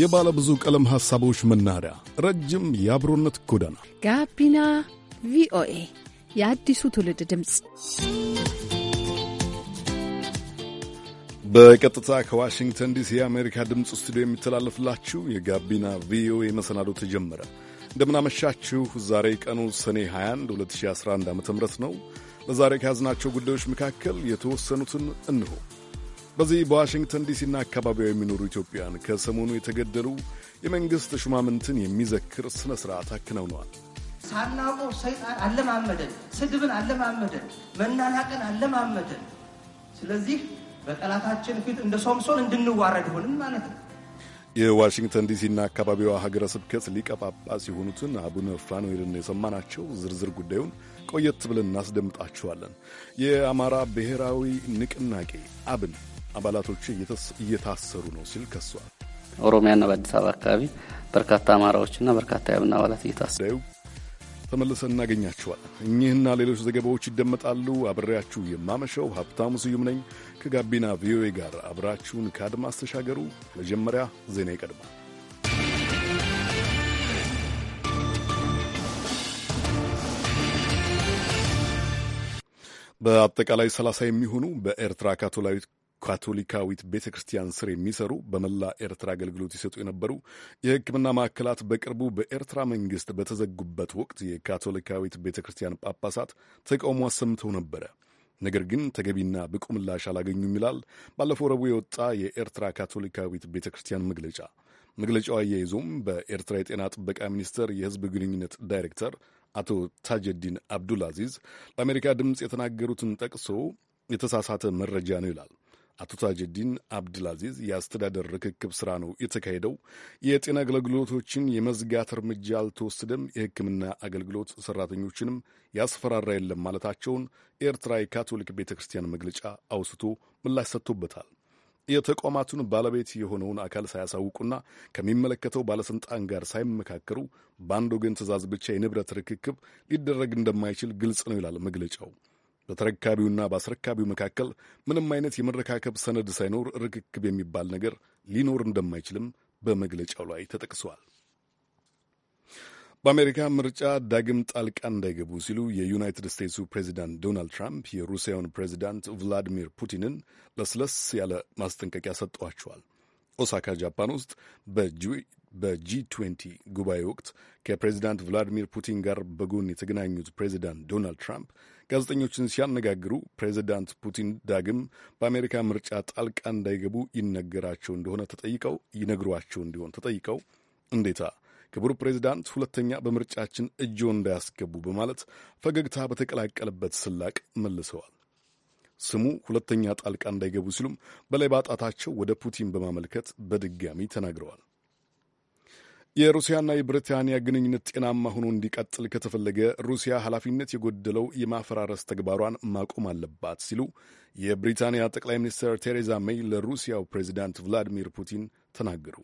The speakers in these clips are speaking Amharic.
የባለ ብዙ ቀለም ሐሳቦች መናኸሪያ፣ ረጅም የአብሮነት ጎዳና ጋቢና ቪኦኤ የአዲሱ ትውልድ ድምፅ በቀጥታ ከዋሽንግተን ዲሲ የአሜሪካ ድምፅ ስቱዲዮ የሚተላለፍላችሁ የጋቢና ቪኦኤ መሰናዶ ተጀመረ። እንደምናመሻችሁ። ዛሬ ቀኑ ሰኔ 21 2011 ዓ ም ነው። ለዛሬ ከያዝናቸው ጉዳዮች መካከል የተወሰኑትን እንሆ በዚህ በዋሽንግተን ዲሲና አካባቢዋ የሚኖሩ ኢትዮጵያን ከሰሞኑ የተገደሉ የመንግሥት ሹማምንትን የሚዘክር ሥነ ሥርዓት አከናውነዋል። ሳናቆ ሰይጣን አለማመደን፣ ስድብን አለማመደን፣ መናናቅን አለማመደን። ስለዚህ በጠላታችን ፊት እንደ ሶምሶን እንድንዋረድ ሆንም ማለት ነው። የዋሽንግተን ዲሲና አካባቢዋ ሀገረ ስብከት ሊቀ ጳጳስ የሆኑትን አቡነ ፋኑኤልን የሰማናቸው ዝርዝር ጉዳዩን ቆየት ብለን እናስደምጣችኋለን። የአማራ ብሔራዊ ንቅናቄ አብን አባላቶቹ እየታሰሩ ነው ሲል ከሷል። ኦሮሚያና በአዲስ አበባ አካባቢ በርካታ አማራዎችና በርካታ የአብን አባላት እየታሰሩ ተመልሰን እናገኛችኋል። እኚህና ሌሎች ዘገባዎች ይደመጣሉ። አብሬያችሁ የማመሸው ሀብታሙ ስዩም ነኝ። ከጋቢና ቪኦኤ ጋር አብራችሁን ከአድማስ ተሻገሩ። መጀመሪያ ዜና ይቀድማል። በአጠቃላይ ሰላሳ የሚሆኑ በኤርትራ ካቶላዊት ካቶሊካዊት ቤተ ክርስቲያን ስር የሚሰሩ በመላ ኤርትራ አገልግሎት ይሰጡ የነበሩ የሕክምና ማዕከላት በቅርቡ በኤርትራ መንግስት በተዘጉበት ወቅት የካቶሊካዊት ቤተ ክርስቲያን ጳጳሳት ተቃውሞ አሰምተው ነበረ። ነገር ግን ተገቢና ብቁ ምላሽ አላገኙም ይላል ባለፈው ረቡዕ የወጣ የኤርትራ ካቶሊካዊት ቤተ ክርስቲያን መግለጫ። መግለጫው አያይዞም በኤርትራ የጤና ጥበቃ ሚኒስቴር የህዝብ ግንኙነት ዳይሬክተር አቶ ታጀዲን አብዱል አዚዝ ለአሜሪካ ድምፅ የተናገሩትን ጠቅሶ የተሳሳተ መረጃ ነው ይላል። አቶ ታጀዲን አብድልአዚዝ የአስተዳደር ርክክብ ስራ ነው የተካሄደው። የጤና አገልግሎቶችን የመዝጋት እርምጃ አልተወሰደም፣ የሕክምና አገልግሎት ሰራተኞችንም ያስፈራራ የለም ማለታቸውን ኤርትራ የካቶሊክ ቤተ ክርስቲያን መግለጫ አውስቶ ምላሽ ሰጥቶበታል። የተቋማቱን ባለቤት የሆነውን አካል ሳያሳውቁና ከሚመለከተው ባለስልጣን ጋር ሳይመካከሩ በአንድ ወገን ትእዛዝ ብቻ የንብረት ርክክብ ሊደረግ እንደማይችል ግልጽ ነው ይላል መግለጫው። በተረካቢውና በአስረካቢው መካከል ምንም አይነት የመረካከብ ሰነድ ሳይኖር ርክክብ የሚባል ነገር ሊኖር እንደማይችልም በመግለጫው ላይ ተጠቅሷል። በአሜሪካ ምርጫ ዳግም ጣልቃ እንዳይገቡ ሲሉ የዩናይትድ ስቴትሱ ፕሬዚዳንት ዶናልድ ትራምፕ የሩሲያውን ፕሬዚዳንት ቭላዲሚር ፑቲንን ለስለስ ያለ ማስጠንቀቂያ ሰጥተዋቸዋል። ኦሳካ ጃፓን ውስጥ በጂ ትዌንቲ ጉባኤ ወቅት ከፕሬዚዳንት ቭላዲሚር ፑቲን ጋር በጎን የተገናኙት ፕሬዚዳንት ዶናልድ ትራምፕ ጋዜጠኞችን ሲያነጋግሩ ፕሬዚዳንት ፑቲን ዳግም በአሜሪካ ምርጫ ጣልቃ እንዳይገቡ ይነገራቸው እንደሆነ ተጠይቀው ይነግሯቸው እንዲሆን ተጠይቀው እንዴታ ክቡር ፕሬዚዳንት ሁለተኛ በምርጫችን እጅ እንዳያስገቡ በማለት ፈገግታ በተቀላቀለበት ስላቅ መልሰዋል። ስሙ ሁለተኛ ጣልቃ እንዳይገቡ ሲሉም በላይ ባጣታቸው ወደ ፑቲን በማመልከት በድጋሚ ተናግረዋል። የሩሲያና የብሪታንያ ግንኙነት ጤናማ ሆኖ እንዲቀጥል ከተፈለገ ሩሲያ ኃላፊነት የጎደለው የማፈራረስ ተግባሯን ማቆም አለባት ሲሉ የብሪታንያ ጠቅላይ ሚኒስትር ቴሬዛ ሜይ ለሩሲያው ፕሬዚዳንት ቭላዲሚር ፑቲን ተናገሩ።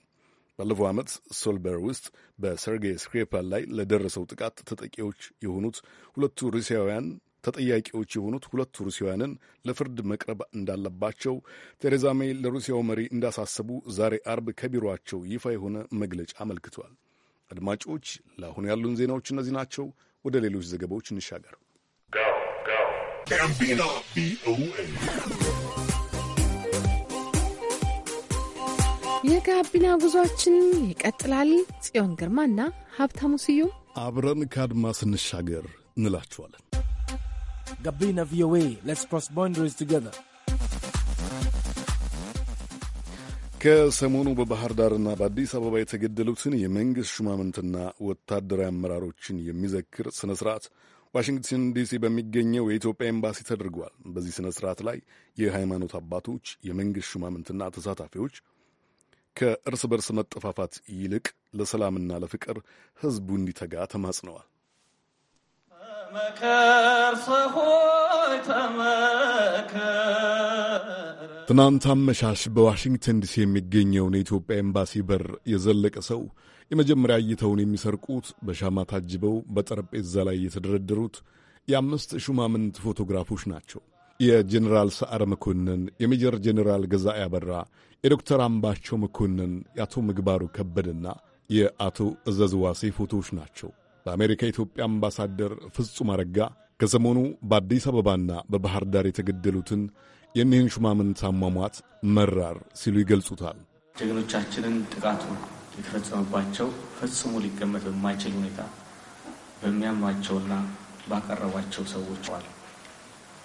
ባለፈው ዓመት ሶልበር ውስጥ በሰርጌይ ስክሪፓል ላይ ለደረሰው ጥቃት ተጠቂዎች የሆኑት ሁለቱ ሩሲያውያን ተጠያቂዎች የሆኑት ሁለቱ ሩሲያውያንን ለፍርድ መቅረብ እንዳለባቸው ቴሬዛ ሜይ ለሩሲያው መሪ እንዳሳሰቡ ዛሬ አርብ ከቢሮቸው ይፋ የሆነ መግለጫ አመልክቷል። አድማጮች፣ ለአሁኑ ያሉን ዜናዎች እነዚህ ናቸው። ወደ ሌሎች ዘገባዎች እንሻገር። የጋቢና ጉዟችን ይቀጥላል። ጽዮን ግርማና ሀብታሙ ስዩም አብረን ከአድማስ ስንሻገር እንላችኋለን። Gabina VOA. Let's cross boundaries together. ከሰሞኑ በባህር ዳርና በአዲስ አበባ የተገደሉትን የመንግሥት ሹማምንትና ወታደራዊ አመራሮችን የሚዘክር ሥነ ሥርዓት ዋሽንግተን ዲሲ በሚገኘው የኢትዮጵያ ኤምባሲ ተደርጓል። በዚህ ሥነ ሥርዓት ላይ የሃይማኖት አባቶች፣ የመንግሥት ሹማምንትና ተሳታፊዎች ከእርስ በርስ መጠፋፋት ይልቅ ለሰላምና ለፍቅር ሕዝቡ እንዲተጋ ተማጽነዋል። ትናንት አመሻሽ በዋሽንግተን ዲሲ የሚገኘውን የኢትዮጵያ ኤምባሲ በር የዘለቀ ሰው የመጀመሪያ እይታውን የሚሰርቁት በሻማ ታጅበው በጠረጴዛ ላይ የተደረደሩት የአምስት ሹማምንት ፎቶግራፎች ናቸው። የጀኔራል ሰዓረ መኮንን፣ የሜጀር ጀኔራል ገዛ ያበራ የዶክተር አምባቸው መኮንን፣ የአቶ ምግባሩ ከበደና የአቶ እዘዝዋሴ ፎቶዎች ናቸው። በአሜሪካ የኢትዮጵያ አምባሳደር ፍጹም አረጋ ከሰሞኑ በአዲስ አበባና በባህር ዳር የተገደሉትን የእኒህን ሹማምንት አሟሟት መራር ሲሉ ይገልጹታል። ጀግኖቻችንን ጥቃቱ የተፈጸመባቸው ፈጽሞ ሊገመት በማይችል ሁኔታ በሚያማቸውና ባቀረቧቸው ሰዎች ዋል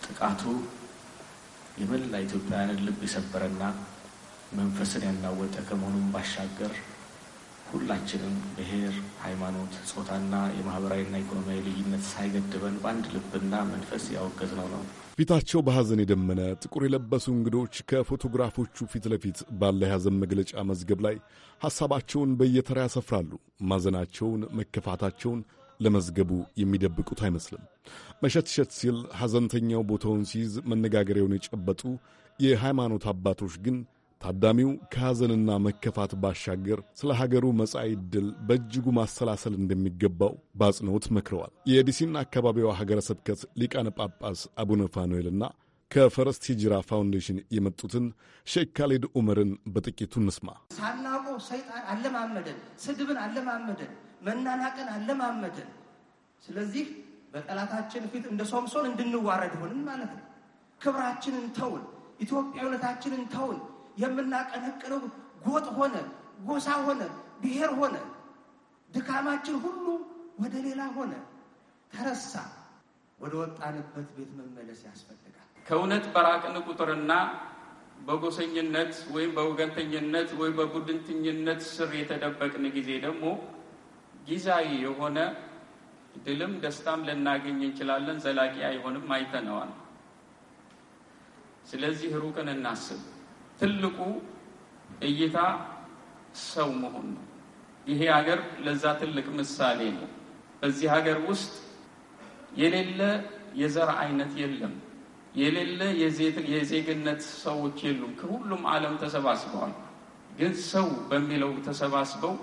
ጥቃቱ የመላ ኢትዮጵያውያንን ልብ የሰበረና መንፈስን ያናወጠ ከመሆኑም ባሻገር ሁላችንም ብሔር፣ ሃይማኖት፣ ጾታና የማህበራዊና ኢኮኖሚያዊ ልዩነት ሳይገድበን በአንድ ልብና መንፈስ ያወገዝነው ነው። ፊታቸው በሐዘን የደመነ ጥቁር የለበሱ እንግዶች ከፎቶግራፎቹ ፊት ለፊት ባለ የሐዘን መግለጫ መዝገብ ላይ ሐሳባቸውን በየተራ ያሰፍራሉ። ማዘናቸውን፣ መከፋታቸውን ለመዝገቡ የሚደብቁት አይመስልም። መሸትሸት ሲል ሐዘንተኛው ቦታውን ሲይዝ መነጋገሪያውን የጨበጡ የሃይማኖት አባቶች ግን ታዳሚው ከሐዘንና መከፋት ባሻገር ስለ ሀገሩ መጻኢ ዕድል በእጅጉ ማሰላሰል እንደሚገባው በአጽንኦት መክረዋል። የዲሲና አካባቢዋ ሀገረ ስብከት ሊቃነ ጳጳስ አቡነ ፋኑኤልና ከፈረስት ሂጅራ ፋውንዴሽን የመጡትን ሼክ ካሌድ ኡመርን በጥቂቱ እንስማ። ሳናውቀው ሰይጣን አለማመደን፣ ስድብን አለማመደን፣ መናናቅን አለማመደን። ስለዚህ በጠላታችን ፊት እንደ ሶምሶን እንድንዋረድ ሆንን ማለት ነው። ክብራችንን ተውን፣ ኢትዮጵያዊነታችንን ተውን የምናቀነቅነው ጎጥ ሆነ፣ ጎሳ ሆነ፣ ብሔር ሆነ። ድካማችን ሁሉ ወደ ሌላ ሆነ፣ ተረሳ። ወደ ወጣንበት ቤት መመለስ ያስፈልጋል። ከእውነት በራቅን ቁጥርና በጎሰኝነት ወይም በወገንተኝነት ወይም በቡድንተኝነት ስር የተደበቅን ጊዜ ደግሞ ጊዜያዊ የሆነ ድልም ደስታም ልናገኝ እንችላለን። ዘላቂ አይሆንም፣ አይተነዋል። ስለዚህ ሩቅን እናስብ። ትልቁ እይታ ሰው መሆን ነው። ይሄ ሀገር ለዛ ትልቅ ምሳሌ ነው። በዚህ ሀገር ውስጥ የሌለ የዘር አይነት የለም። የሌለ የዜግነት ሰዎች የሉም። ከሁሉም ዓለም ተሰባስበዋል። ግን ሰው በሚለው ተሰባስበው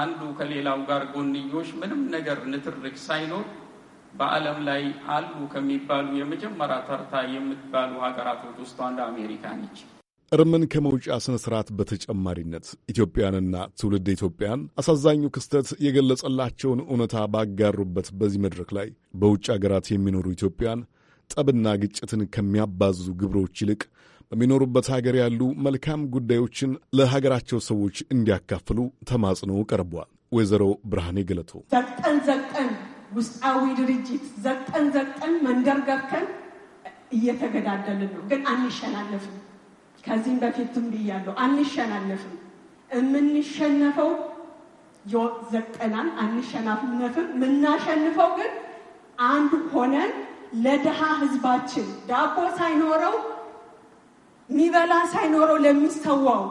አንዱ ከሌላው ጋር ጎንዮሽ ምንም ነገር ንትርክ ሳይኖር በዓለም ላይ አሉ ከሚባሉ የመጀመሪያ ተርታ የምትባሉ ሀገራቶች ውስጥ አንዱ አሜሪካ ነች። እርምን ከመውጫ ስነ ስርዓት በተጨማሪነት ኢትዮጵያንና ትውልድ ኢትዮጵያን አሳዛኙ ክስተት የገለጸላቸውን እውነታ ባጋሩበት በዚህ መድረክ ላይ በውጭ አገራት የሚኖሩ ኢትዮጵያን ጠብና ግጭትን ከሚያባዙ ግብሮች ይልቅ በሚኖሩበት ሀገር ያሉ መልካም ጉዳዮችን ለሀገራቸው ሰዎች እንዲያካፍሉ ተማጽኖ ቀርቧል። ወይዘሮ ብርሃኔ ገለቶ ዘቀን ዘቀን ውስጣዊ ድርጅት ዘቀን ዘቀን መንደር ገብተን እየተገዳደልን ነው፣ ግን አንሸናነፍም ከዚህም በፊትም ብያለሁ፣ አንሸናነፍም። የምንሸነፈው ዘቀናን አንሸናፍነትም። የምናሸንፈው ግን አንድ ሆነን ለድሃ ህዝባችን ዳቦ ሳይኖረው ሚበላ ሳይኖረው ለሚሰዋው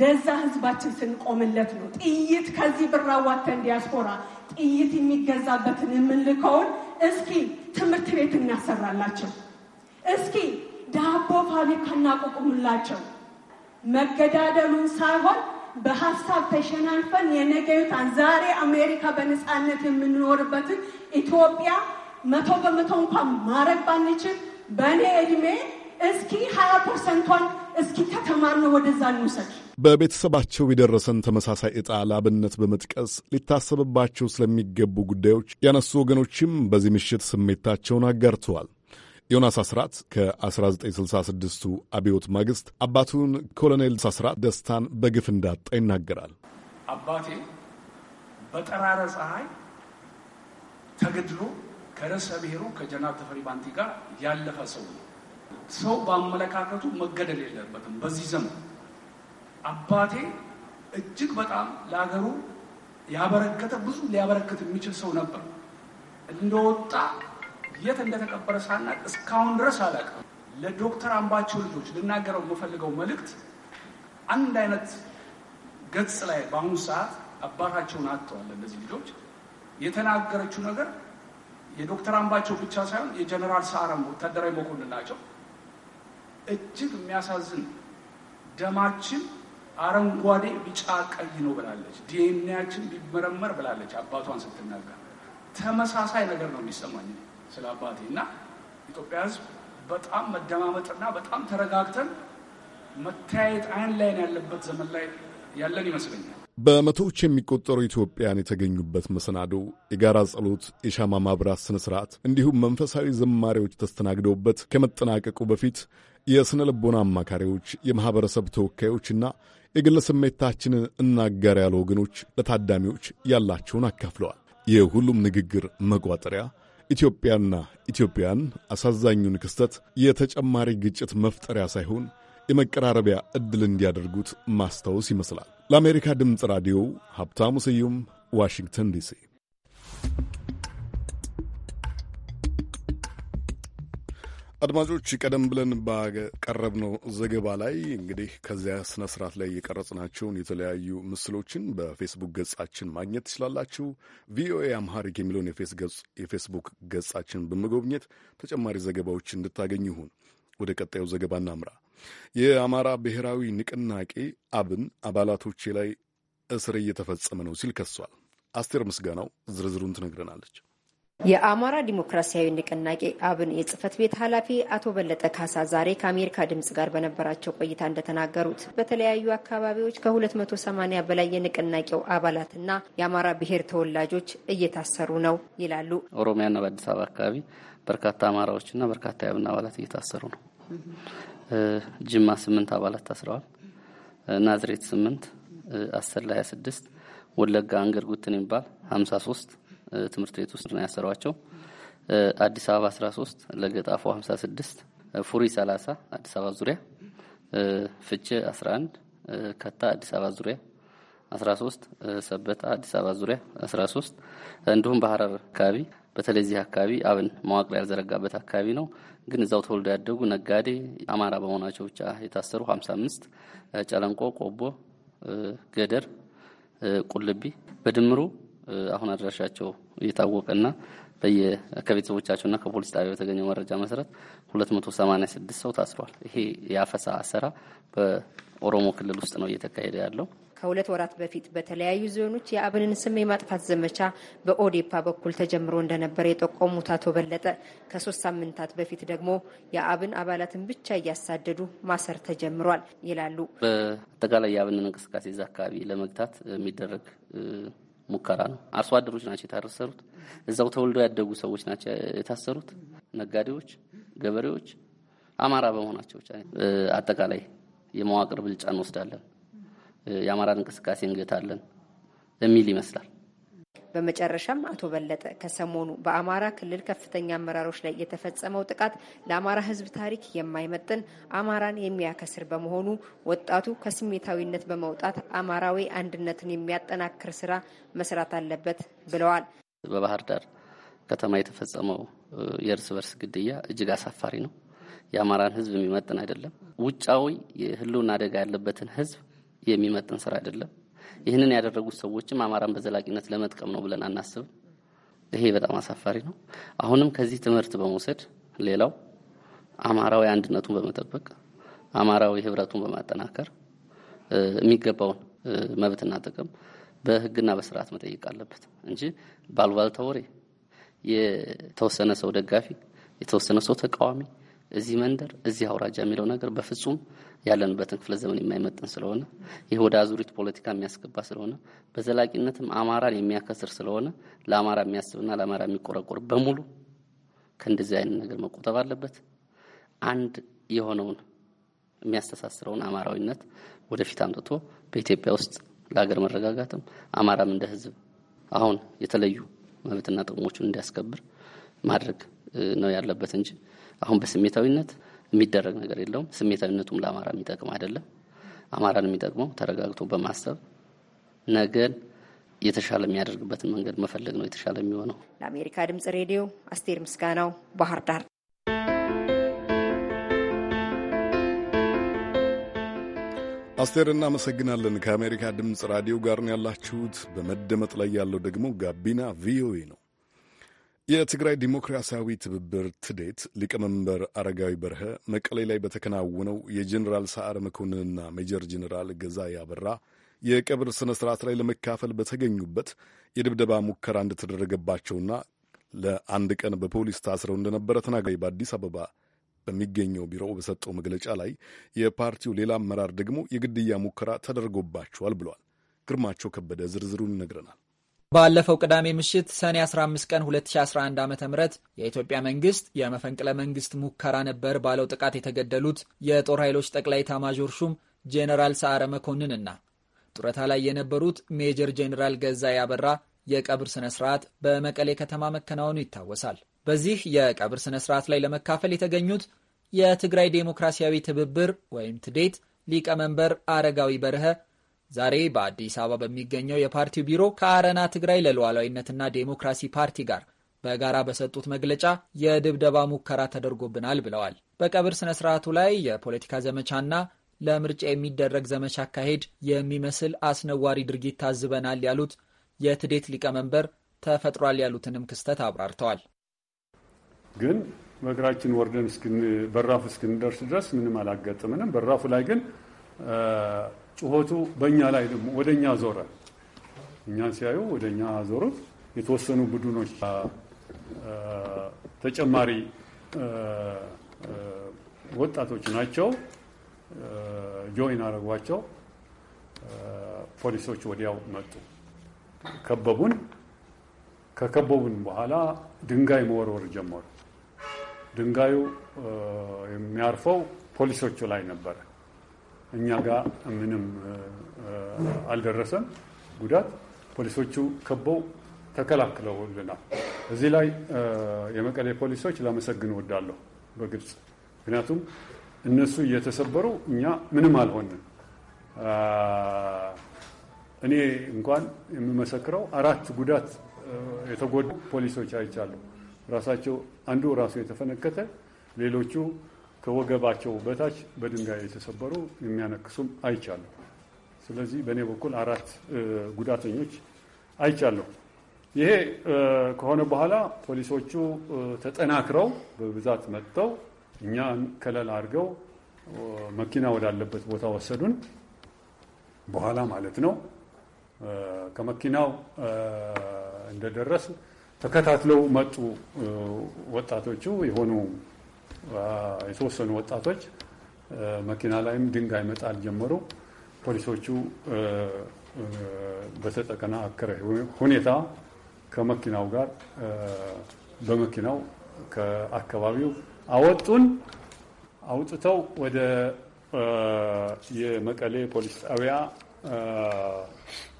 ለዛ ህዝባችን ስንቆምለት ነው። ጥይት ከዚህ ብራዋተን ዲያስፖራ ጥይት የሚገዛበትን የምንልከውን እስኪ ትምህርት ቤት እናሰራላቸው እስኪ ዳቦ ፋብሪካ እናቋቁምላቸው። መገዳደሉን ሳይሆን በሀሳብ ተሸናንፈን የነገዩታን ዛሬ አሜሪካ በነፃነት የምንኖርበትን ኢትዮጵያ መቶ በመቶ እንኳን ማድረግ ባንችል በእኔ እድሜ እስኪ ሀያ ፐርሰንቷን እስኪ ከተማርነ ወደዛ እንውሰድ። በቤተሰባቸው የደረሰን ተመሳሳይ ዕጣ ላብነት በመጥቀስ ሊታሰብባቸው ስለሚገቡ ጉዳዮች ያነሱ ወገኖችም በዚህ ምሽት ስሜታቸውን አጋርተዋል። ዮናስ አስራት ከ1966ቱ አብዮት ማግስት አባቱን ኮሎኔል አስራት ደስታን በግፍ እንዳጣ ይናገራል። አባቴ በጠራረ ፀሐይ ተገድሎ ከርዕሰ ብሔሩ ከጀነራል ተፈሪ ባንቲ ጋር ያለፈ ሰው ነው። ሰው በአመለካከቱ መገደል የለበትም። በዚህ ዘመን አባቴ እጅግ በጣም ለሀገሩ ያበረከተ ብዙ ሊያበረከት የሚችል ሰው ነበር። እንደወጣ የት እንደተቀበረ ሳናቅ እስካሁን ድረስ አላውቅም። ለዶክተር አምባቸው ልጆች ልናገረው የምፈልገው መልእክት አንድ አይነት ገጽ ላይ በአሁኑ ሰዓት አባታቸውን አጥተዋል። እነዚህ ልጆች የተናገረችው ነገር የዶክተር አምባቸው ብቻ ሳይሆን የጀኔራል ሳረም ወታደራዊ መኮንን ናቸው። እጅግ የሚያሳዝን ደማችን አረንጓዴ፣ ቢጫ፣ ቀይ ነው ብላለች። ዲኤንኤያችን ቢመረመር ብላለች አባቷን ስትናገር። ተመሳሳይ ነገር ነው የሚሰማኝ ስለ አባቴ እና ኢትዮጵያ ህዝብ በጣም መደማመጥና በጣም ተረጋግተን መተያየት አይን ላይን ያለበት ዘመን ላይ ያለን ይመስለኛል። በመቶዎች የሚቆጠሩ ኢትዮጵያን የተገኙበት መሰናዶ የጋራ ጸሎት፣ የሻማ ማብራት ስነ ስርዓት እንዲሁም መንፈሳዊ ዘማሪዎች ተስተናግደውበት ከመጠናቀቁ በፊት የሥነ ልቦና አማካሪዎች፣ የማኅበረሰብ ተወካዮችና የግለ ስሜታችንን እናጋር ያሉ ወገኖች ለታዳሚዎች ያላቸውን አካፍለዋል። የሁሉም ንግግር መቋጠሪያ ኢትዮጵያና ኢትዮጵያን አሳዛኙን ክስተት የተጨማሪ ግጭት መፍጠሪያ ሳይሆን የመቀራረቢያ ዕድል እንዲያደርጉት ማስታወስ ይመስላል። ለአሜሪካ ድምፅ ራዲዮ ሀብታሙ ስዩም ዋሽንግተን ዲሲ አድማጮች ቀደም ብለን ባቀረብነው ዘገባ ላይ እንግዲህ ከዚያ ስነ ስርዓት ላይ የቀረጽናቸውን የተለያዩ ምስሎችን በፌስቡክ ገጻችን ማግኘት ትችላላችሁ። ቪኦኤ አምሃሪክ የሚለውን የፌስቡክ ገጻችን በመጎብኘት ተጨማሪ ዘገባዎች እንድታገኙ ይሁን። ወደ ቀጣዩ ዘገባ እናምራ። የአማራ ብሔራዊ ንቅናቄ አብን አባላቶቼ ላይ እስር እየተፈጸመ ነው ሲል ከሷል። አስቴር ምስጋናው ዝርዝሩን ትነግረናለች። የአማራ ዲሞክራሲያዊ ንቅናቄ አብን የጽህፈት ቤት ኃላፊ አቶ በለጠ ካሳ ዛሬ ከአሜሪካ ድምጽ ጋር በነበራቸው ቆይታ እንደተናገሩት በተለያዩ አካባቢዎች ከ280 በላይ የንቅናቄው አባላትና የአማራ ብሔር ተወላጆች እየታሰሩ ነው ይላሉ። ኦሮሚያና በአዲስ አበባ አካባቢ በርካታ አማራዎችና በርካታ የአብን አባላት እየታሰሩ ነው። ጅማ ስምንት አባላት ታስረዋል። ናዝሬት ስምንት አስር ላይ 26 ወለጋ አንገር ጉትን ይባል 53 ትምህርት ቤት ውስጥ ነው ያሰሯቸው። አዲስ አበባ 13 ለገጣፎ 56 ፉሪ 30 አዲስ አበባ ዙሪያ ፍቼ 11 ከታ አዲስ አበባ ዙሪያ 13 ሰበታ አዲስ አበባ ዙሪያ 13 እንዲሁም በሀረር አካባቢ በተለይ እዚህ አካባቢ አብን መዋቅር ያልዘረጋበት አካባቢ ነው። ግን እዛው ተወልዶ ያደጉ ነጋዴ አማራ በመሆናቸው ብቻ የታሰሩ 55 ጨለንቆ፣ ቆቦ፣ ገደር፣ ቁልቢ በድምሩ አሁን አድራሻቸው እየታወቀና በየ ከቤተሰቦቻቸውና ከፖሊስ ጣቢያ በተገኘው መረጃ መሰረት 286 ሰው ታስሯል። ይሄ የአፈሳ አሰራ በኦሮሞ ክልል ውስጥ ነው እየተካሄደ ያለው። ከሁለት ወራት በፊት በተለያዩ ዞኖች የአብንን ስም የማጥፋት ዘመቻ በኦዴፓ በኩል ተጀምሮ እንደነበር የጠቆሙት አቶ በለጠ ከሶስት ሳምንታት በፊት ደግሞ የአብን አባላትን ብቻ እያሳደዱ ማሰር ተጀምሯል ይላሉ። በአጠቃላይ የአብንን እንቅስቃሴ እዛ አካባቢ ለመግታት የሚደረግ ሙከራ ነው። አርሶ አደሮች ናቸው የታሰሩት። እዛው ተወልደው ያደጉ ሰዎች ናቸው የታሰሩት። ነጋዴዎች፣ ገበሬዎች አማራ በመሆናቸው አጠቃላይ የመዋቅር ብልጫ እንወስዳለን፣ የአማራን እንቅስቃሴ እንገታለን የሚል ይመስላል። በመጨረሻም አቶ በለጠ ከሰሞኑ በአማራ ክልል ከፍተኛ አመራሮች ላይ የተፈጸመው ጥቃት ለአማራ ሕዝብ ታሪክ የማይመጥን አማራን የሚያከስር በመሆኑ ወጣቱ ከስሜታዊነት በመውጣት አማራዊ አንድነትን የሚያጠናክር ስራ መስራት አለበት ብለዋል። በባህር ዳር ከተማ የተፈጸመው የእርስ በርስ ግድያ እጅግ አሳፋሪ ነው። የአማራን ሕዝብ የሚመጥን አይደለም። ውጫዊ የህልውና አደጋ ያለበትን ሕዝብ የሚመጥን ስራ አይደለም። ይህንን ያደረጉት ሰዎችም አማራን በዘላቂነት ለመጥቀም ነው ብለን አናስብም። ይሄ በጣም አሳፋሪ ነው። አሁንም ከዚህ ትምህርት በመውሰድ ሌላው አማራዊ አንድነቱን በመጠበቅ አማራዊ ህብረቱን በማጠናከር የሚገባውን መብትና ጥቅም በህግና በስርዓት መጠየቅ አለበት እንጂ ባልባልታ ወሬ የተወሰነ ሰው ደጋፊ የተወሰነ ሰው ተቃዋሚ እዚህ መንደር፣ እዚህ አውራጃ የሚለው ነገር በፍጹም ያለንበትን ክፍለ ዘመን የማይመጥን ስለሆነ ይህ ወደ አዙሪት ፖለቲካ የሚያስገባ ስለሆነ በዘላቂነትም አማራን የሚያከስር ስለሆነ ለአማራ የሚያስብና ለአማራ የሚቆረቆር በሙሉ ከእንደዚህ አይነት ነገር መቆጠብ አለበት። አንድ የሆነውን የሚያስተሳስረውን አማራዊነት ወደፊት አምጥቶ በኢትዮጵያ ውስጥ ለሀገር መረጋጋትም አማራም እንደ ሕዝብ አሁን የተለዩ መብትና ጥቅሞቹን እንዲያስከብር ማድረግ ነው ያለበት እንጂ አሁን በስሜታዊነት የሚደረግ ነገር የለውም። ስሜታዊነቱም ለአማራ የሚጠቅም አይደለም። አማራን የሚጠቅመው ተረጋግቶ በማሰብ ነገን የተሻለ የሚያደርግበትን መንገድ መፈለግ ነው የተሻለ የሚሆነው። ለአሜሪካ ድምጽ ሬዲዮ አስቴር ምስጋናው ባህር ዳር። አስቴር እናመሰግናለን። ከአሜሪካ ድምፅ ራዲዮ ጋር ነው ያላችሁት። በመደመጥ ላይ ያለው ደግሞ ጋቢና ቪኦኤ ነው። የትግራይ ዲሞክራሲያዊ ትብብር ትዴት ሊቀመንበር አረጋዊ በርሀ መቀሌ ላይ በተከናወነው የጀኔራል ሰዓረ መኮንንና ሜጀር ጀኔራል ገዛ ያበራ የቀብር ስነ ስርዓት ላይ ለመካፈል በተገኙበት የድብደባ ሙከራ እንደተደረገባቸውና ለአንድ ቀን በፖሊስ ታስረው እንደነበረ ተናጋይ በአዲስ አበባ በሚገኘው ቢሮ በሰጠው መግለጫ ላይ የፓርቲው ሌላ አመራር ደግሞ የግድያ ሙከራ ተደርጎባቸዋል ብሏል። ግርማቸው ከበደ ዝርዝሩን ይነግረናል። ባለፈው ቅዳሜ ምሽት ሰኔ 15 ቀን 2011 ዓ ም የኢትዮጵያ መንግስት የመፈንቅለ መንግስት ሙከራ ነበር ባለው ጥቃት የተገደሉት የጦር ኃይሎች ጠቅላይ ታማዦር ሹም ጄኔራል ሰዓረ መኮንንና ጡረታ ላይ የነበሩት ሜጀር ጄኔራል ገዛ ያበራ የቀብር ስነ ስርዓት በመቀሌ ከተማ መከናወኑ ይታወሳል። በዚህ የቀብር ስነ ስርዓት ላይ ለመካፈል የተገኙት የትግራይ ዴሞክራሲያዊ ትብብር ወይም ትዴት ሊቀመንበር አረጋዊ በርሀ ዛሬ በአዲስ አበባ በሚገኘው የፓርቲው ቢሮ ከአረና ትግራይ ለሉዓላዊነትና ዴሞክራሲ ፓርቲ ጋር በጋራ በሰጡት መግለጫ የድብደባ ሙከራ ተደርጎብናል ብለዋል። በቀብር ስነ ስርዓቱ ላይ የፖለቲካ ዘመቻና ለምርጫ የሚደረግ ዘመቻ አካሄድ የሚመስል አስነዋሪ ድርጊት ታዝበናል ያሉት የትዴት ሊቀመንበር ተፈጥሯል ያሉትንም ክስተት አብራርተዋል። ግን በእግራችን ወርደን በራፉ እስክንደርስ ድረስ ምንም አላጋጠምንም። በራፉ ላይ ግን ጩኸቱ በእኛ ላይ ደግሞ ወደ እኛ ዞረ። እኛን ሲያዩ ወደ እኛ ዞሩት። የተወሰኑ ቡድኖች ተጨማሪ ወጣቶች ናቸው ጆይን አደረጓቸው። ፖሊሶች ወዲያው መጡ፣ ከበቡን። ከከበቡን በኋላ ድንጋይ መወርወር ጀመሩ። ድንጋዩ የሚያርፈው ፖሊሶቹ ላይ ነበረ። እኛ ጋር ምንም አልደረሰም ጉዳት። ፖሊሶቹ ከበው ተከላክለውልናል። እዚህ ላይ የመቀሌ ፖሊሶች ላመሰግን ወዳለሁ በግልጽ ምክንያቱም እነሱ እየተሰበሩ እኛ ምንም አልሆንም። እኔ እንኳን የምመሰክረው አራት ጉዳት የተጎዱ ፖሊሶች አይቻለሁ። ራሳቸው አንዱ ራሱ የተፈነከተ ሌሎቹ ከወገባቸው በታች በድንጋይ የተሰበሩ የሚያነክሱም አይቻለሁ። ስለዚህ በእኔ በኩል አራት ጉዳተኞች አይቻለሁ። ይሄ ከሆነ በኋላ ፖሊሶቹ ተጠናክረው በብዛት መጥተው እኛ ከለል አድርገው መኪና ወዳለበት ቦታ ወሰዱን። በኋላ ማለት ነው። ከመኪናው እንደደረስ ተከታትለው መጡ ወጣቶቹ የሆኑ የተወሰኑ ወጣቶች መኪና ላይም ድንጋይ መጣል ጀመሩ። ፖሊሶቹ በተጠቀናከረ ሁኔታ ከመኪናው ጋር በመኪናው ከአካባቢው አወጡን። አውጥተው ወደ የመቀሌ ፖሊስ ጣቢያ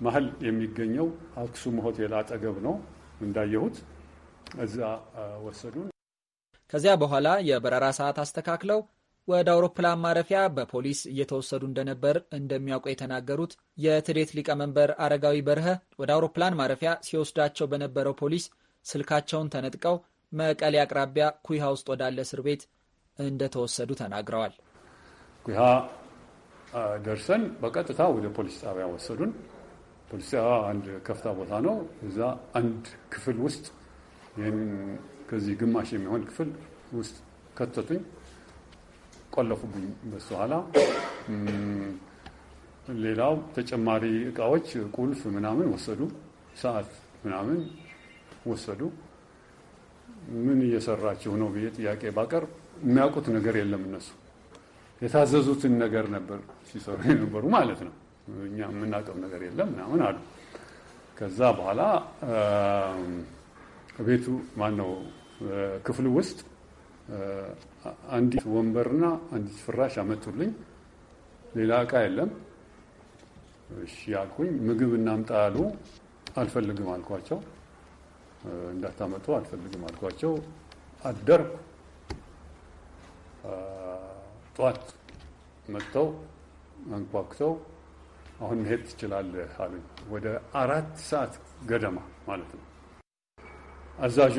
መሀል የሚገኘው አክሱም ሆቴል አጠገብ ነው እንዳየሁት። እዛ ወሰዱን። ከዚያ በኋላ የበረራ ሰዓት አስተካክለው ወደ አውሮፕላን ማረፊያ በፖሊስ እየተወሰዱ እንደነበር እንደሚያውቁ የተናገሩት የትዴት ሊቀመንበር አረጋዊ በርሀ ወደ አውሮፕላን ማረፊያ ሲወስዳቸው በነበረው ፖሊስ ስልካቸውን ተነጥቀው መቀሌ አቅራቢያ ኩይሃ ውስጥ ወዳለ እስር ቤት እንደተወሰዱ ተናግረዋል። ኩይሃ ደርሰን በቀጥታ ወደ ፖሊስ ጣቢያ ወሰዱን። ፖሊስ ጣቢያ አንድ ከፍታ ቦታ ነው። እዛ አንድ ክፍል ውስጥ ከዚህ ግማሽ የሚሆን ክፍል ውስጥ ከተቱኝ፣ ቆለፉብኝ። በሱ ኋላ ሌላው ተጨማሪ እቃዎች ቁልፍ ምናምን ወሰዱ፣ ሰዓት ምናምን ወሰዱ። ምን እየሰራችሁ ነው ብዬ ጥያቄ ባቀር የሚያውቁት ነገር የለም። እነሱ የታዘዙትን ነገር ነበር ሲሰሩ የነበሩ ማለት ነው። እኛ የምናውቀው ነገር የለም ምናምን አሉ። ከዛ በኋላ ቤቱ ማነው ክፍል ውስጥ አንዲት ወንበርና አንዲት ፍራሽ አመጡልኝ። ሌላ እቃ የለም። እሺ ያልኩኝ፣ ምግብ እናምጣ አሉ። አልፈልግም አልኳቸው። እንዳታመጡ አልፈልግም አልኳቸው። አደርኩ። ጠዋት መጥተው አንኳኩተው አሁን መሄድ ትችላለህ አሉኝ። ወደ አራት ሰዓት ገደማ ማለት ነው። አዛዡ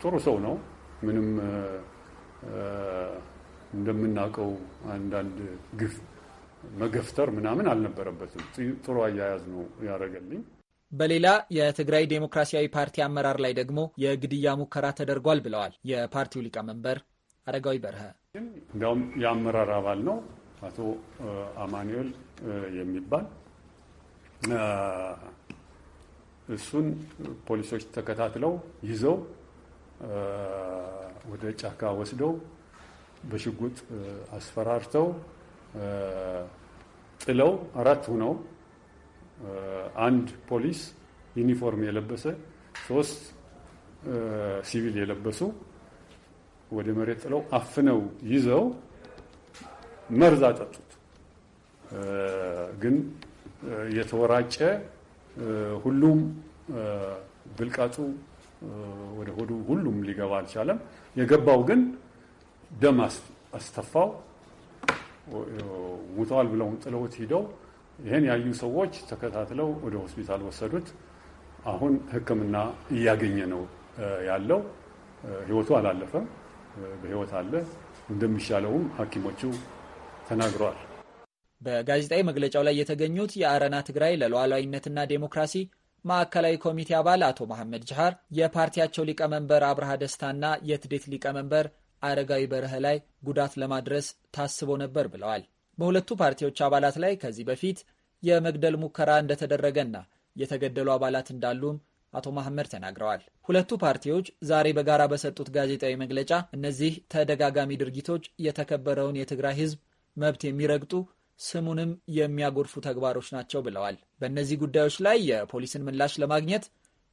ጥሩ ሰው ነው። ምንም እንደምናውቀው አንዳንድ ግፍ መገፍተር ምናምን አልነበረበትም። ጥሩ አያያዝ ነው ያደረገልኝ። በሌላ የትግራይ ዴሞክራሲያዊ ፓርቲ አመራር ላይ ደግሞ የግድያ ሙከራ ተደርጓል ብለዋል የፓርቲው ሊቀመንበር አረጋዊ በርሀ። እንዲያውም የአመራር አባል ነው አቶ አማኑኤል የሚባል እሱን ፖሊሶች ተከታትለው ይዘው ወደ ጫካ ወስደው በሽጉጥ አስፈራርተው ጥለው አራት ሆነው አንድ ፖሊስ ዩኒፎርም የለበሰ ሶስት ሲቪል የለበሱ ወደ መሬት ጥለው አፍነው ይዘው መርዝ አጠጡት። ግን የተወራጨ ሁሉም ብልቃጡ ወደ ሆዱ ሁሉም ሊገባ አልቻለም። የገባው ግን ደም አስተፋው። ሙተዋል ብለው ጥለውት ሂደው ይህን ያዩ ሰዎች ተከታትለው ወደ ሆስፒታል ወሰዱት። አሁን ሕክምና እያገኘ ነው ያለው። ህይወቱ አላለፈም፣ በህይወት አለ። እንደሚሻለውም ሐኪሞቹ ተናግረዋል። በጋዜጣዊ መግለጫው ላይ የተገኙት የአረና ትግራይ ለሉዓላዊነትና ዴሞክራሲ ማዕከላዊ ኮሚቴ አባል አቶ መሐመድ ጅሃር የፓርቲያቸው ሊቀመንበር አብርሃ ደስታና የትዴት ሊቀመንበር አረጋዊ በርህ ላይ ጉዳት ለማድረስ ታስቦ ነበር ብለዋል። በሁለቱ ፓርቲዎች አባላት ላይ ከዚህ በፊት የመግደል ሙከራ እንደተደረገና የተገደሉ አባላት እንዳሉም አቶ ማህመድ ተናግረዋል። ሁለቱ ፓርቲዎች ዛሬ በጋራ በሰጡት ጋዜጣዊ መግለጫ እነዚህ ተደጋጋሚ ድርጊቶች የተከበረውን የትግራይ ሕዝብ መብት የሚረግጡ ስሙንም የሚያጎርፉ ተግባሮች ናቸው ብለዋል። በእነዚህ ጉዳዮች ላይ የፖሊስን ምላሽ ለማግኘት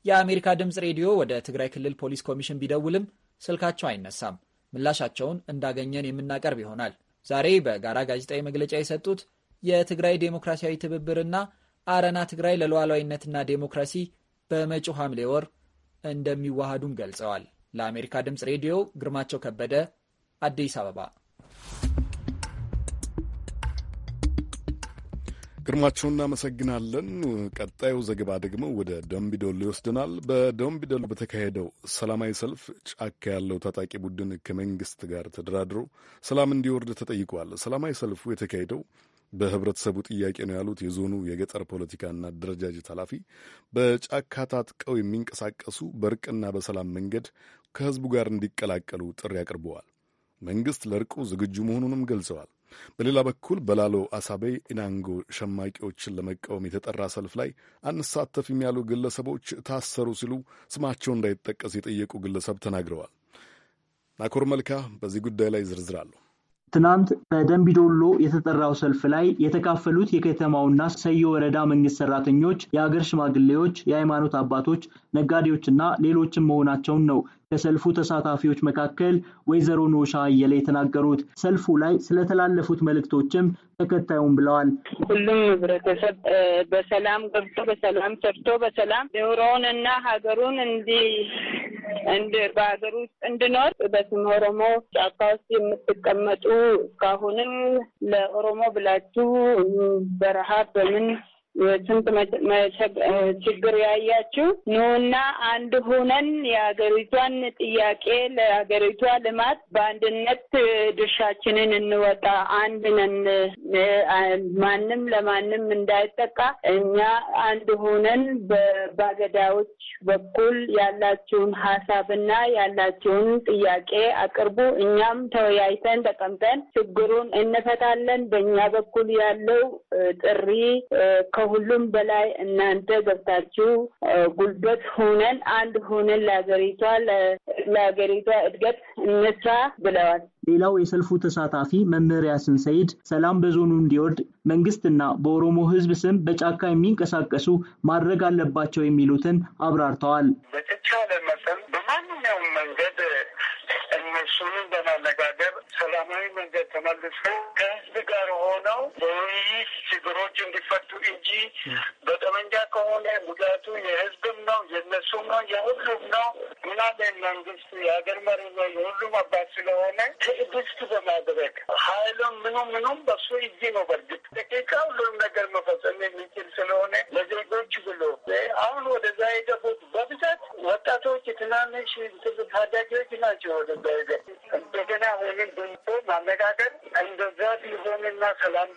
የአሜሪካ ድምፅ ሬዲዮ ወደ ትግራይ ክልል ፖሊስ ኮሚሽን ቢደውልም ስልካቸው አይነሳም። ምላሻቸውን እንዳገኘን የምናቀርብ ይሆናል። ዛሬ በጋራ ጋዜጣዊ መግለጫ የሰጡት የትግራይ ዴሞክራሲያዊ ትብብርና አረና ትግራይ ለሉዓላዊነትና ዴሞክራሲ በመጪው ሐምሌ ወር እንደሚዋሃዱም ገልጸዋል። ለአሜሪካ ድምፅ ሬዲዮ ግርማቸው ከበደ አዲስ አበባ ግርማቸው እናመሰግናለን። ቀጣዩ ዘገባ ደግሞ ወደ ደምቢዶሎ ይወስደናል። በደምቢዶሎ በተካሄደው ሰላማዊ ሰልፍ ጫካ ያለው ታጣቂ ቡድን ከመንግስት ጋር ተደራድሮ ሰላም እንዲወርድ ተጠይቋል። ሰላማዊ ሰልፉ የተካሄደው በህብረተሰቡ ጥያቄ ነው ያሉት የዞኑ የገጠር ፖለቲካና አደረጃጀት ኃላፊ በጫካ ታጥቀው የሚንቀሳቀሱ በእርቅና በሰላም መንገድ ከህዝቡ ጋር እንዲቀላቀሉ ጥሪ አቅርበዋል። መንግስት ለእርቁ ዝግጁ መሆኑንም ገልጸዋል። በሌላ በኩል በላሎ አሳቤ ኢናንጎ ሸማቂዎችን ለመቃወም የተጠራ ሰልፍ ላይ አንሳተፍም ያሉ ግለሰቦች ታሰሩ ሲሉ ስማቸው እንዳይጠቀስ የጠየቁ ግለሰብ ተናግረዋል። ናኮር መልካ በዚህ ጉዳይ ላይ ዝርዝር አለሁ። ትናንት በደንቢዶሎ የተጠራው ሰልፍ ላይ የተካፈሉት የከተማውና ሰዮ ወረዳ መንግስት ሰራተኞች፣ የአገር ሽማግሌዎች፣ የሃይማኖት አባቶች፣ ነጋዴዎችና ሌሎችም መሆናቸውን ነው ከሰልፉ ተሳታፊዎች መካከል ወይዘሮ ኖሻ አየለ የተናገሩት ሰልፉ ላይ ስለተላለፉት መልእክቶችም ተከታዩም ብለዋል። ሁሉም ህብረተሰብ በሰላም ገብቶ በሰላም ሰርቶ በሰላም ኑሮውን እና ሀገሩን እንዲ እንድ በሀገር ውስጥ እንድኖር በስም ኦሮሞ ጫካ ውስጥ የምትቀመጡ እስካሁንም ለኦሮሞ ብላችሁ በረሃብ በምን ስንት ችግር ያያችሁ ኑና አንድ ሁነን የሀገሪቷን ጥያቄ ለሀገሪቷ ልማት በአንድነት ድርሻችንን እንወጣ፣ አንድ ነን፣ ማንም ለማንም እንዳይጠቃ እኛ አንድ ሁነን በባገዳዎች በኩል ያላችሁን ሀሳብና ያላችሁን ጥያቄ አቅርቡ። እኛም ተወያይተን ተቀምጠን ችግሩን እንፈታለን። በእኛ በኩል ያለው ጥሪ ከሁሉም በላይ እናንተ ገብታችሁ ጉልበት ሆነን አንድ ሆነን ለሀገሪቷ ለሀገሪቷ እድገት እንስራ ብለዋል። ሌላው የሰልፉ ተሳታፊ መምህር ስንሰይድ ሰይድ ሰላም በዞኑ እንዲወርድ መንግስትና በኦሮሞ ሕዝብ ስም በጫካ የሚንቀሳቀሱ ማድረግ አለባቸው የሚሉትን አብራርተዋል። በተቻለ መጠን በማንኛውም መንገድ እነሱንም በማነጋገር ሰላማዊ መንገድ ተመልሶ ከህዝብ ጋር ሆነው በውይይት ችግሮች እንዲፈቱ እንጂ በጠመንጃ ከሆነ ጉዳቱ የህዝብም ነው የነሱም ነው የሁሉም ነው። ምናምን መንግስት የሀገር መሪ ነው የሁሉም አባት ስለሆነ ትዕግስት በማድረግ ሀይልም ምኑ ምኑም በሱ እጅ ነው። በእርግጥ ደቂቃ ሁሉም ነገር መፈጸም የሚችል ስለሆነ ለዜጎች ብሎ አሁን ወደዛ የገቡት በብዛት ወጣቶች፣ ትናንሽ ታዳጊዎች ናቸው። ወደዛ የገቡት እንደገና ወይም ብንቶ ማነጋገር እንደዛ ሰላም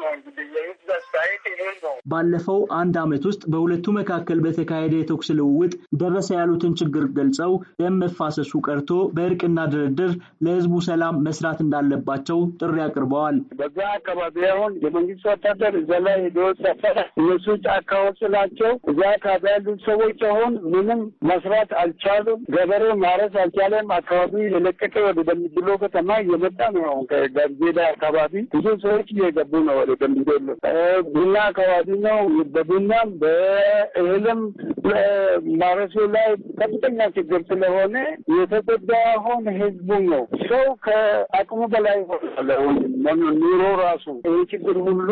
ነው እንግዲህ የህዝብ አስተያየት ይሄ ነው። ባለፈው አንድ ዓመት ውስጥ በሁለቱ መካከል በተካሄደ የተኩስ ልውውጥ ደረሰ ያሉትን ችግር ገልጸው ደም መፋሰሱ ቀርቶ በእርቅና ድርድር ለህዝቡ ሰላም መስራት እንዳለባቸው ጥሪ አቅርበዋል። በዛ አካባቢ አሁን የመንግስት ወታደር እዛ ላይ ሄዶ ሰፈረ። እነሱ ጫካዎች ስላቸው እዛ አካባቢ ያሉት ሰዎች አሁን ምንም መስራት አልቻሉም። ገበሬ ማረስ አልቻለም። አካባቢ የለቀቀ ወደ ደምቢዶሎ ከተማ እየመጣ ነው አሁን ከጋዜዳ አካባቢ ብዙ ሰዎች እየገቡ ነው ወደ ደምቢዶሎ። ቡና አካባቢ ነው። በቡናም በእህልም ማረሱ ላይ ከፍተኛ ችግር ስለሆነ የተጎዳ የተጎዳውን ህዝቡ ነው። ሰው ከአቅሙ በላይ ሆናለ። ኑሮ ራሱ ይህ ችግር ሁሉ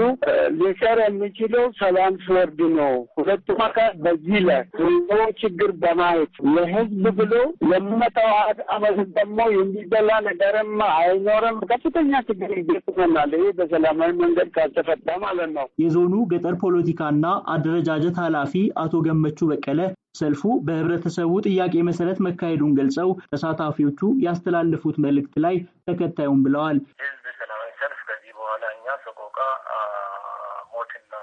ሊሰር የሚችለው ሰላም ስወርድ ነው። ሁለቱም አካል በዚህ ላይ ኑሮ ችግር በማየት ለህዝብ ብሎ ለመጠዋት አመት ደግሞ የሚበላ ነገርም አይኖርም። ከፍተኛ ችግር ይገጥመናል። ይሆናል። በሰላማዊ መንገድ ካልተፈታ ማለት ነው። የዞኑ ገጠር ፖለቲካና አደረጃጀት ኃላፊ አቶ ገመቹ በቀለ ሰልፉ በህብረተሰቡ ጥያቄ መሰረት መካሄዱን ገልጸው ተሳታፊዎቹ ያስተላለፉት መልእክት ላይ ተከታዩም ብለዋል። ህዝብ ሰላማዊ ሰልፍ ከዚህ በኋላ እኛ ሰቆቃ፣ ሞትና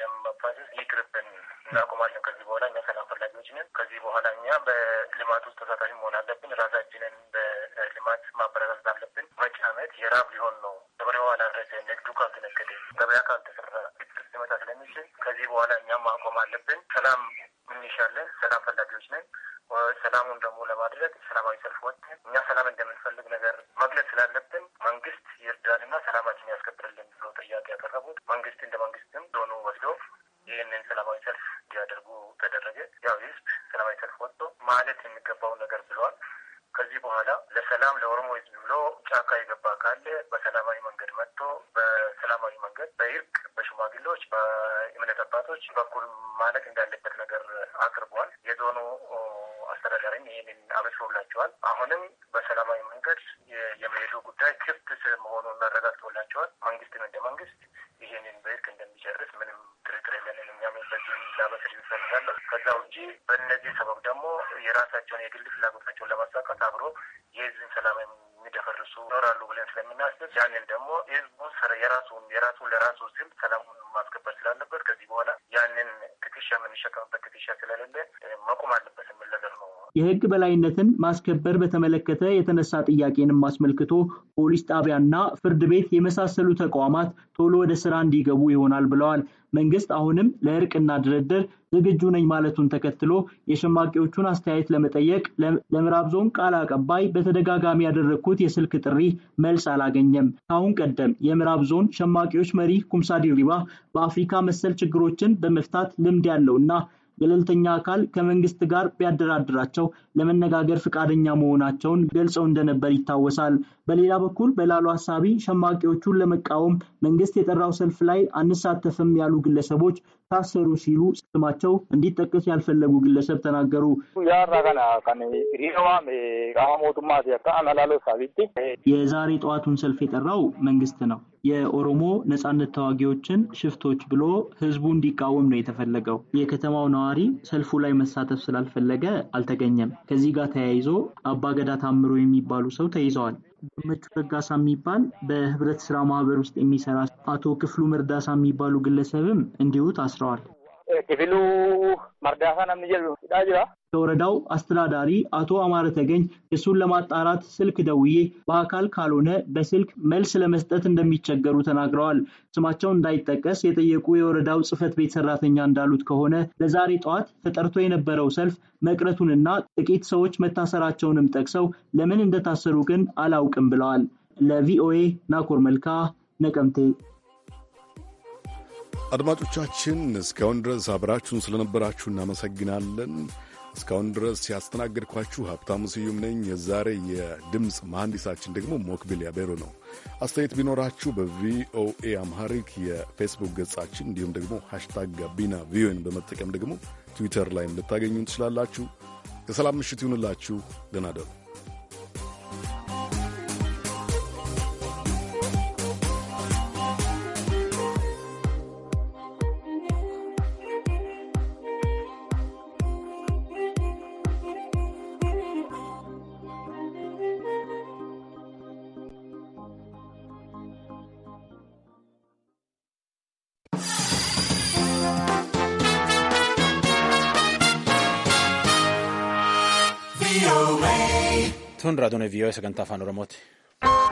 ደም መፋሰስ ይቅርብን፣ እናቆማለን። ከዚህ በኋላ እኛ ሰላም ፈላጊዎች ነን። ከዚህ በኋላ እኛ በልማት ውስጥ ተሳታፊ መሆን አለብን። ራሳችንን በልማት ማበረታታት አለብን። መጪ ዓመት የራብ ሊሆን ነው። ካልተመረተ ንግዱ ካልተነገደ ገበያ ካልተሰራ ግጭት ሊመጣ ስለሚችል ከዚህ በኋላ እኛም ማቆም አለብን። ሰላም እንሻለን፣ ሰላም ፈላጊዎች ነን። ሰላሙን ደግሞ ለማድረግ ሰላማዊ ሰልፍ ወጥተን እኛ ሰላም እንደምንፈልግ ነገር መግለጽ ስላለብን የሚያደርጉ የህዝብን ሰላም የሚደፈርሱ ይኖራሉ ብለን ስለምናስብ ያንን ደግሞ ህዝቡን የራሱን የራሱ ለራሱ ህዝብ ሰላሙን ማስከበር ስላለበት ከዚህ በኋላ ያንን ትከሻ የምንሸከምበት ትከሻ ስለሌለ መቆም አለበት የሚል ነገር ነው። የህግ በላይነትን ማስከበር በተመለከተ የተነሳ ጥያቄንም አስመልክቶ ፖሊስ ጣቢያና ፍርድ ቤት የመሳሰሉ ተቋማት ቶሎ ወደ ስራ እንዲገቡ ይሆናል ብለዋል። መንግስት አሁንም ለእርቅና ድርድር ዝግጁ ነኝ ማለቱን ተከትሎ የሸማቂዎቹን አስተያየት ለመጠየቅ ለምዕራብ ዞን ቃል አቀባይ በተደጋጋሚ ያደረግኩት የስልክ ጥሪ መልስ አላገኘም። ከአሁን ቀደም የምዕራብ ዞን ሸማቂዎች መሪ ኩምሳ ዲሪባ በአፍሪካ መሰል ችግሮችን በመፍታት ልምድ ያለው እና ገለልተኛ አካል ከመንግስት ጋር ቢያደራድራቸው ለመነጋገር ፈቃደኛ መሆናቸውን ገልጸው እንደነበር ይታወሳል። በሌላ በኩል በላሉ ሀሳቢ ሸማቂዎቹን ለመቃወም መንግስት የጠራው ሰልፍ ላይ አንሳተፍም ያሉ ግለሰቦች ታሰሩ ሲሉ ስማቸው እንዲጠቀስ ያልፈለጉ ግለሰብ ተናገሩ። የዛሬ ጠዋቱን ሰልፍ የጠራው መንግስት ነው። የኦሮሞ ነጻነት ተዋጊዎችን ሽፍቶች ብሎ ህዝቡ እንዲቃወም ነው የተፈለገው። የከተማው ነዋሪ ሰልፉ ላይ መሳተፍ ስላልፈለገ አልተገኘም። ከዚህ ጋር ተያይዞ አባገዳ ታምሮ የሚባሉ ሰው ተይዘዋል። ገመቹ ረጋሳ የሚባል በህብረት ስራ ማህበር ውስጥ የሚሰራ አቶ ክፍሉ መርዳሳ የሚባሉ ግለሰብም እንዲሁ ታስረዋል። ክፍሉ መርዳሳ ነው ጀሉ ጅራ ከወረዳው አስተዳዳሪ አቶ አማረ ተገኝ እሱን ለማጣራት ስልክ ደውዬ በአካል ካልሆነ በስልክ መልስ ለመስጠት እንደሚቸገሩ ተናግረዋል። ስማቸው እንዳይጠቀስ የጠየቁ የወረዳው ጽህፈት ቤት ሰራተኛ እንዳሉት ከሆነ ለዛሬ ጠዋት ተጠርቶ የነበረው ሰልፍ መቅረቱንና ጥቂት ሰዎች መታሰራቸውንም ጠቅሰው ለምን እንደታሰሩ ግን አላውቅም ብለዋል። ለቪኦኤ ናኮር መልካ ነቀምቴ። አድማጮቻችን እስካሁን ድረስ አብራችሁን ስለነበራችሁ እናመሰግናለን። እስካሁን ድረስ ያስተናገድኳችሁ ሀብታሙ ስዩም ነኝ። የዛሬ የድምፅ መሐንዲሳችን ደግሞ ሞክቢል ያቤሮ ነው። አስተያየት ቢኖራችሁ በቪኦኤ አምሃሪክ የፌስቡክ ገጻችን እንዲሁም ደግሞ ሃሽታግ ጋቢና ቪኦኤን በመጠቀም ደግሞ ትዊተር ላይም ልታገኙን ትችላላችሁ። የሰላም ምሽት ይሁንላችሁ። ደህና Aduna Vii'oo isa e gantaa afaan Oromooti.